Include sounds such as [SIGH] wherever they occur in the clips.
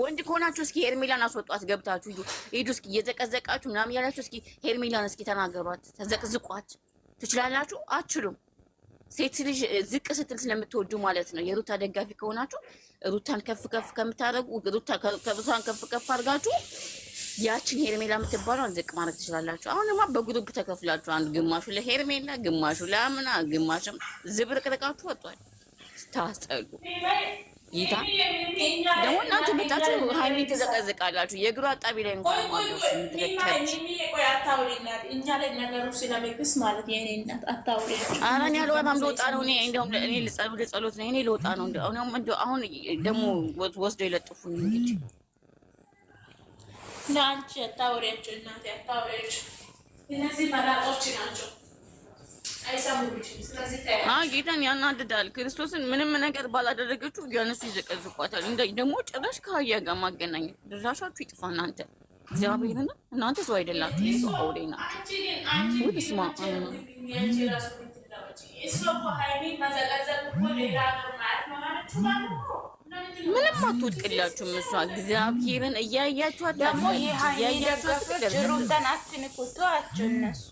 ወንድ ከሆናችሁ እስኪ ሄርሜላን አስወጧት። ገብታችሁ ሂዱ እስኪ እየዘቀዘቃችሁ ምናምን እያላችሁ እስኪ ሄርሜላን እስኪ ተናገሯት፣ ተዘቅዝቋት። ትችላላችሁ? አችሉም። ሴት ልጅ ዝቅ ስትል ስለምትወዱ ማለት ነው። የሩታ ደጋፊ ከሆናችሁ ሩታን ከፍ ከፍ ከምታደርጉ ሩታን ከፍ ከፍ አድርጋችሁ ያችን ሄርሜላ የምትባለው ዝቅ ማድረግ ትችላላችሁ። አሁን ማ በግሩፕ ተከፍላችሁ አንድ ግማሹ ለሄርሜላ ግማሹ ለአምና ግማሽም ዝብርቅርቃችሁ ወጧል። ስታስጠሉ ይታ ደግሞ እናንተ ብታችሁ ሀይሚ ትዘቀዝቃላችሁ። የእግሩ አጣቢ ላይ እንኳን አራን ያለ በጣም ልወጣ ነው። እኔ ልጸሎት ነው። እኔ ልወጣ ነው። አሁን ደግሞ ወስዶ የለጥፉኝ እንግዲህ ለአንቺ አታውሪያቸው እናቴ፣ አታውሪያቸው እነዚህ መላጦች ናቸው። ጌታን ያናድዳል። ክርስቶስን ምንም ነገር ባላደረገችው እነሱ ይዘቀዝቋታል። ደግሞ ጭራሽ ከአህያ ጋር ማገናኘት ድራሻችሁ ይጥፋ እናንተ እግዚአብሔርን እናንተ ሰው አይደላችሁ፣ ሰው አውሬ ናችሁ። ስማ ምንም አትወድቅላችሁም። እሷ እግዚአብሔርን እያያችኋት ደግሞ ይህ ሀይሌ ደገፍ ጅሩንተን አትንኩ ተዋቸው እነሱ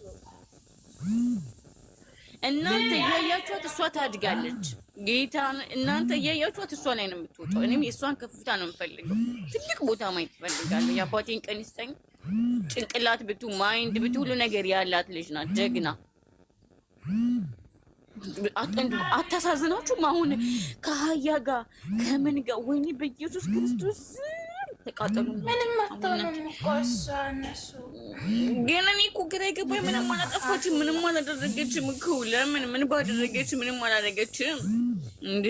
እናንተ እያያችኋት እሷ ታድጋለች። ጌታ እናንተ እያያችኋት እሷ ላይ ነው የምትወጣው። እኔም የእሷን ከፍታ ነው የምፈልገው። ትልቅ ቦታ ማየት እፈልጋለሁ። የአባቴን ቀን ጭንቅላት ብቱ፣ ማይንድ ብቱ፣ ሁሉ ነገር ያላት ልጅ ናት። ጀግና አታሳዝናችሁም? አሁን ከሀያ ጋር ከምን ጋር ወይኔ፣ በኢየሱስ ክርስቶስ ተቃጠሉ። ምንም አታውንም እኮ እሷ እነሱ ግን እኔ እኮ ግራ የገባኝ ምንም አላጠፋችም፣ ምንም አላደረገችም እኮ ለምን ምን ባደረገች ምንም አላደረገችም እንዴ?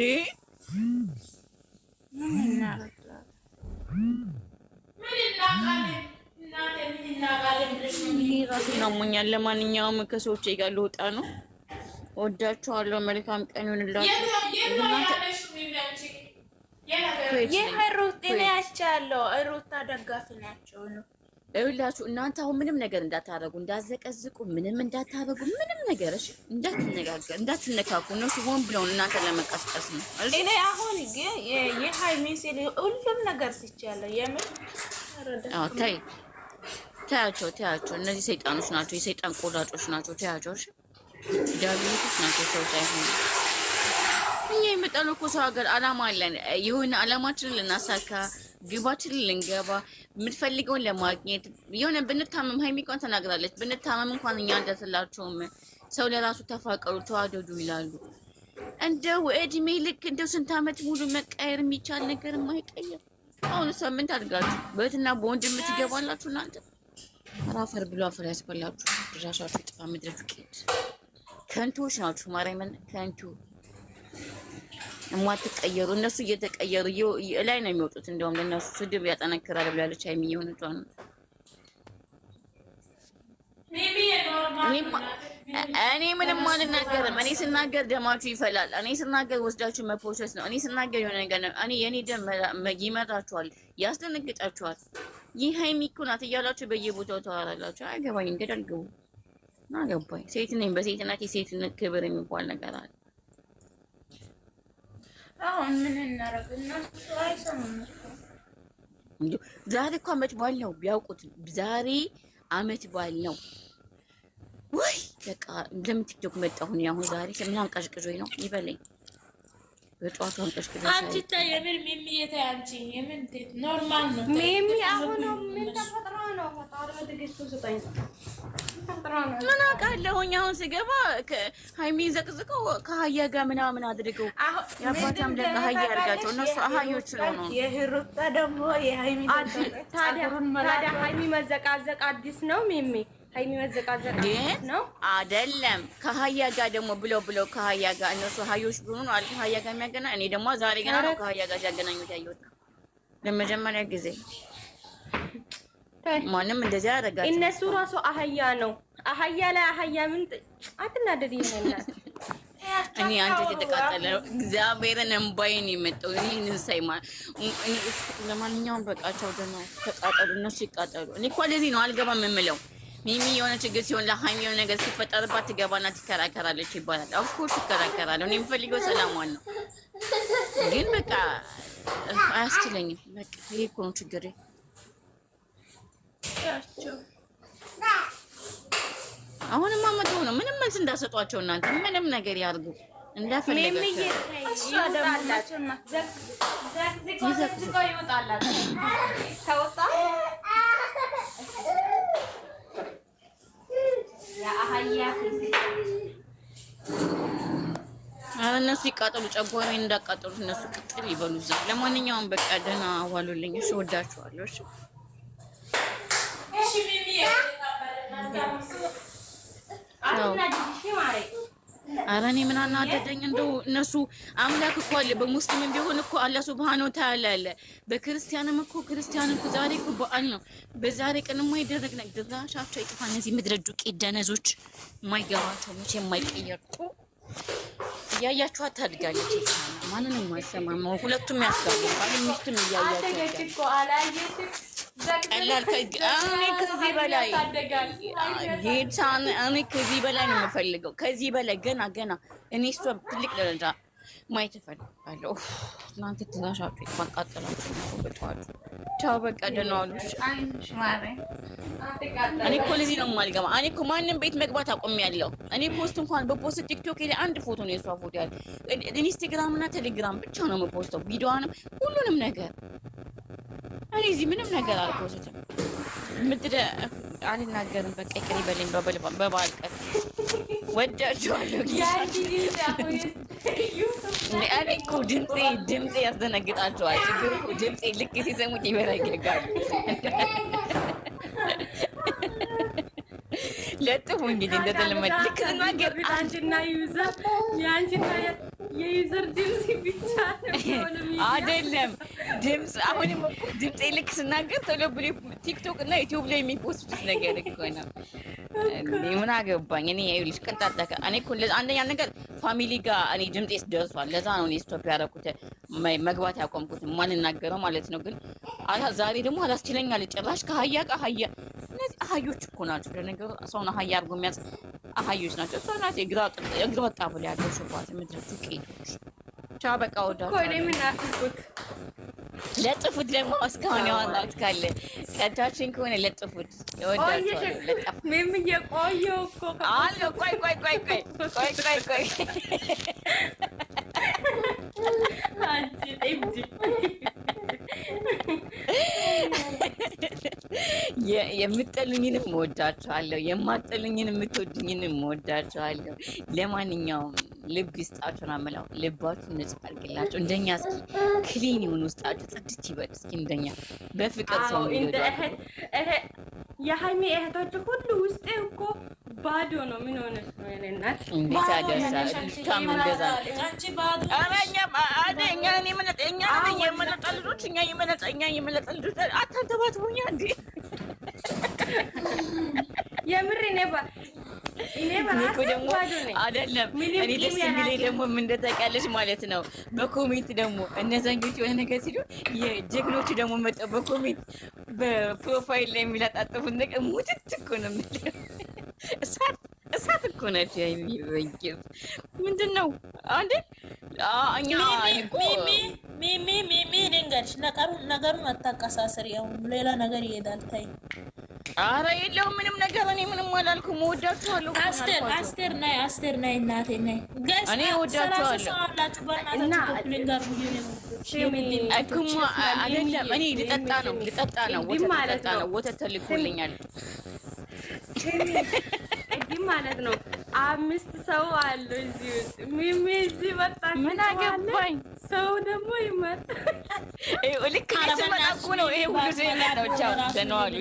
ራሴን አሞኛል። ለማንኛውም ከሰዎች ጋር ልወጣ ነው። ወዳችኋለሁ። መልካም ቀን ይሁንላችሁ። ይህ ሩት እኔ ያቻለሁ ሩታ ደጋፊ ናቸው ነው እውላችሁ እናንተ አሁን ምንም ነገር እንዳታረጉ፣ እንዳዘቀዝቁ፣ ምንም እንዳታረጉ፣ ምንም ነገር እሺ፣ እንዳትነጋገር፣ እንዳትነካኩ። እነሱ ሆን ብለውን እናንተ ለመቀስቀስ ነው። እኔ አሁን ግን የሃይሚ ሲል ሁሉም ነገር ትችያለሁ። የምን አዎ፣ ታይ ታያቸው፣ ታያቸው። እነዚህ ሰይጣኖች ናቸው፣ የሰይጣን ቆራጮች ናቸው። ታያቸው፣ እሺ፣ ዳቢሎች ናቸው፣ ሰው ሳይሆን እኛ የመጣነው እኮ ሰው ሀገር አላማ አለን። የሆነ አላማችንን ልናሳካ ግባችን ልንገባ የምትፈልገውን ለማግኘት የሆነ ብንታመም ሀይሚ እንኳን ተናግራለች። ብንታመም እንኳን እኛ እንደትላቸውም ሰው ለራሱ ተፋቀሩ ተዋደዱ ይላሉ። እንደው እድሜ ልክ እንደው ስንት ዓመት ሙሉ መቀየር የሚቻል ነገር የማይቀየር አሁን ሳምንት አድርጋችሁ በእህትና በወንድ የምትገባላችሁ እናንተ አፈር ብሎ አፈር ያስበላችሁ። ድራሻችሁ ጥፋ። ምድረ ከንቶች ናችሁ። ማርያምን ከንቱ የማትቀየሩ እነሱ እየተቀየሩ ላይ ነው የሚወጡት። እንደውም ለእነሱ ስድብ ያጠነክራል ብላለች ሀይሚ የሆነቷ ነው። እኔ ምንም አልናገርም። እኔ ስናገር ደማችሁ ይፈላል። እኔ ስናገር ወስዳችሁ መፖሰስ ነው። እኔ ስናገር የሆነ ነገር ነው። እኔ የእኔ ደም ይመጣችኋል፣ ያስደነግጣችኋል። ይህ ሀይሚ እኮ ናት እያላችሁ በየቦታው ተዋራላችሁ። አገባኝ እንግዲህ አልገቡ አገባኝ። ሴት ነኝ። በሴትነቴ ሴትነት ክብር የሚባል ነገር አለ። አሁን ምን እናደርግ? እነሱ አይሰሙም እንዴ? ዛሬ እኮ አመት በዓል ነው። ቢያውቁት ዛሬ አመት በዓል ነው። ወይ በቃ ለምን ቲክቶክ መጣሁ? አሁን ዛሬ ምን አንቀሽቅሾኝ ነው? ይበለኝ በጠዋቱ አንቀሽቅሾ አንቺ ታይ የምን ሚሚ የተ አንቺ የምን ኖርማል ነው ሚሚ አሁን ምን ተፈጥሮ ነው ፈጣሪ ስጠኝ ምን አውቃለሁኝ። አሁን ስገባ ሀይሚን ዘቅዝቀው ከአህያ ጋር ምናምን አድርገው የአባት አምላክ አህያ ያድርጋቸው። እነሱ አህዮች ነው ነው። ደግሞ ታዲያ ሀይሚ መዘቃዘቅ አዲስ ነው ሚሚ ሀይሚ መዘቃዘቅ ነው አይደለም። ከአህያ ጋር ደግሞ ብለው ብለው ከአህያ ጋር እነሱ አህዮች ቢሆኑ ነው አልኩ። ከአህያ ጋር የሚያገናኝ። እኔ ደግሞ ዛሬ ገና ነው ከአህያ ጋር ሲያገናኙት ያየሁት ለመጀመሪያ ጊዜ ማንም እንደዚህ ያደርጋል። እነሱ ራሱ አህያ ነው። አህያ ላይ አህያ ምን አትናደድ። ይሆናል እኔ አንተ የተቃጠለ እግዚአብሔርን እንባይን የመጣው ይህንን ሳይማ ለማንኛውም በቃቸው። ደህና ተቃጠሉ፣ እነሱ ይቃጠሉ። እኔ እኮ ለዚህ ነው አልገባም የምለው። ሚሚ የሆነ ችግር ሲሆን ለሀይሚ የሆነ ነገር ሲፈጠርባት ትገባና ትከራከራለች ይባላል። ኦፍኮርስ ይከራከራለሁ። እኔ የምፈልገው ሰላሟን ነው። ግን በቃ አያስችለኝም። በቃ ይሄ እኮ ነው ችግሬ። ያቸው አሁንማ መቶ ነው። ምንም መልስ እንዳሰጧቸው እናንተ ምንም ነገር ያርጉ እንዳፈለጋቸው እነሱ ይቃጠሉ፣ ጨጓራዬን እንዳቃጠሉት እነሱ ቅጥል ይበሉ። ለማንኛውም በቃ ደህና ዋሉልኝ። እሺ፣ ወዳችኋለሁ። እሺ ኧረ እኔ ምን አናደደኝ እንደው እነሱ አምላክ እኮ አለ። በሙስሊምም ቢሆን እኮ አላህ ሱብሃነሁ ወተዓላ አለ። በክርስቲያንም እኮ ክርስቲያን እኮ ዛሬ እኮ በዓል ነው። በዛሬ ቀን የማይደረግ ነገር ድራሻቸው ይጥፋ። እነዚህ ምድረ ዱቄ ደነዞች የማይገባቸው መቼ የማይቀየር እያያችሁ ታድጋለች። ማንንም አይሰማም። ሁለቱም ያስጋሉ ባል ሚስትም እያያቸው ቀላል ከዚህ በላይ እኔ ከዚህ በላይ ነው የምፈልገው። ከዚህ በላይ ገና ገና እኔ እሷ ትልቅ ደረጃ ማየት እፈልጋለሁ። እናንተ ትዛሻችሁ የተቃጠላችሁ በጠዋት ቻው፣ በቃ ደህና ዋሉሽ። እኔ እኮ ለዚህ ነው የማልገባ። እኔ እኮ ማንም ቤት መግባት አቁሜያለሁ። እኔ ፖስት እንኳን በፖስት ቲክቶክ ላይ አንድ ፎቶ ነው የሷ ፎቶ ያለ ኢንስታግራም እና ቴሌግራም ብቻ ነው የምፖስተው ቪዲዮዋንም ሁሉንም ነገር እኔ እዚህ ምንም ነገር አልቆስትም። ምድረ አልናገርም። በቃ ይቅር በለኝ። በበዓል ቀን ወዳችኋለሁ። እኔ እኮ ድምፄ ድምፄ ያስደነግጣቸዋል። ችግር እኮ ድምፄ ልክ ሲሰሙት ይበረግጋል። ለጥፉ እንግዲህ እንደተለመደ ልክ ስናገር አንቺና ይዛ የአንቺና የዩዘር ድምጽ ብቻ አይደለም ድምጽ። አሁንም ድምጽ ልክ ስናገር ቶሎ ብሎ ቲክቶክ እና ዩቲዩብ ላይ የሚፖስቱት ነገር እኮ ነው። ምን አገባኝ እኔ ይኸውልሽ፣ ቅንጣት እኔ እኮ አንደኛ ነገር ፋሚሊ ጋር እኔ ድምጤስ ደርሷል። ለዛ ነው ስቶፕ ያደረኩት መግባት ያቆምኩት ማልናገረው ማለት ነው። ግን ዛሬ ደግሞ አላስችለኛል ጭራሽ ከሀያ ጋር ሀያ እነዚህ አህዮች እኮ ናቸው። ለነገሩ ሰውን አህያ አድርጎ የሚያዝ አህዮች ናቸው። እሷ ናት የእግሯ ጣቡ ያለው ያደረሽባት ምድር ዱቄቶች። ቻ በቃ ወዳ ለጥፉት። ደግሞ እስካሁን ያዋጣት ካለ ቀዳችን ከሆነ ለጥፉት። ወዳቸውቆየአለ ቆይ ቆይ ቆይ ቆይ ቆይ ቆይ ቆይ አንቺ [LAUGHS] የምጠሉኝንም እወዳችኋለሁ፣ የማጠሉኝን የምትወዱኝንም እወዳችኋለሁ። ለማንኛውም ልብ ይስጣችሁን አመላው ልባችሁን ንጹህ አድርግላችሁ። እንደኛ እስኪ ክሊን ይሁን ውስጣቸው፣ ጽድት ይበል። እስኪ እንደኛ በፍቅር ሰው የሀይሚ እህቶች ሁሉ ውስጤ እኮ ባዶ ነው። ምን ሆነች ነው? ናት እንዴት ያደርሳል ታማ እንደዛ ልጆች እኛ የመለጠ እኛ የመለጠ ልጆች አታንተባትቡኛ እንዴ! የምር ኔባ እኔ ደስ የሚለኝ ደግሞ እንደታውቂያለሽ ማለት ነው። በኮሜንት ደግሞ እነዛኞች የሆነ ነገር ሲሉ የጀግኖቹ ደግሞ መጠው በኮሜንት በፕሮፋይል ላይ የሚላጣጠፉት ነገር ሙትት እኮ ነው የምልህ። እሳት እሳት እኮ ናቸው። ምንድን ነው አንዴ ሚሚ ሚሚ ነገሩን አታቀሳስሪ። አሁን ሌላ ነገር ይሄዳል። ተይ፣ ኧረ የለውም ምንም ነገር። እኔ ምንም አላልኩም። እወዳችኋለሁ። አስቴር አስቴር ነይ፣ አስቴር ነይ፣ እናቴ ነይ። እኔ እወዳችኋለሁ አይደለም። እኔ ልጠጣ ነው፣ ልጠጣ ነው፣ ወተት ተልኮልኛል። እዲህ ማለት ነው አምስት ሰው አለ እዚህ ሚሚ እዚህ መጣ። ምን አገባኝ? ሰው ደግሞ ይመጣ። ልክ ስመጣ ነው ይሄ ሁሉ ዜና ነው። ቻው ደህና ዋሉ።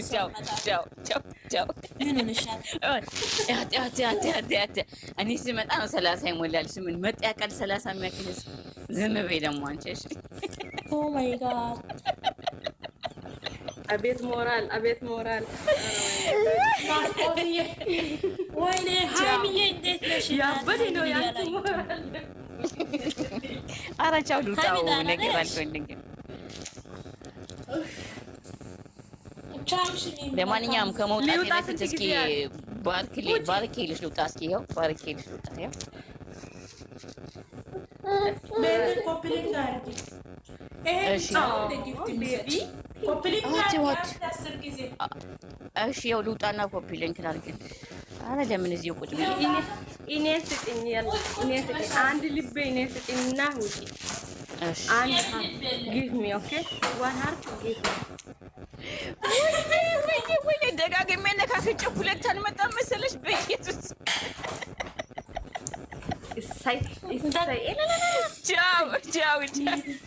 እኔ ስመጣ ነው ሰላሳ ይሞላል። ምን መጣ ያውቃል? ሰላሳ የሚያክል ዝም በይ ደግሞ አንቺ። እሺ ኦ ማይ ጋድ አቤት ሞራል፣ አቤት ሞራል። ወይኔ ሀይሚዬ እንዴት ነሽ? ያበደ ነው ያንተ ሞራል። ኧረ ቻው ልውጣው ነገር አልኩኝ። ለማንኛውም ከመውጣት በፊት እስኪ ባርኬ ባርኬ ልሽ ልውጣ። እስኪ ይኸው ባርኬ ልሽ ልውጣ። ይኸው እሺ እሺ ያው ልውጣና ኮፒ ሊንክ ላድርግልኝ። ኧረ ለምን እዚህ ቁጭ ብዬ እኔ ስጥኝ እኔ ስጥኝ አንድ ልቤ እኔ ስጥኝና ውጪ አንድ ጊፍ ሚ ኦኬ ዋን ሃርት ጊፍ ወይ ደጋግሜ ነካክቼ ሁለት አልመጣም መሰለሽ በጌቱስ እሳይ እሳይ ቻው ቻው ቻው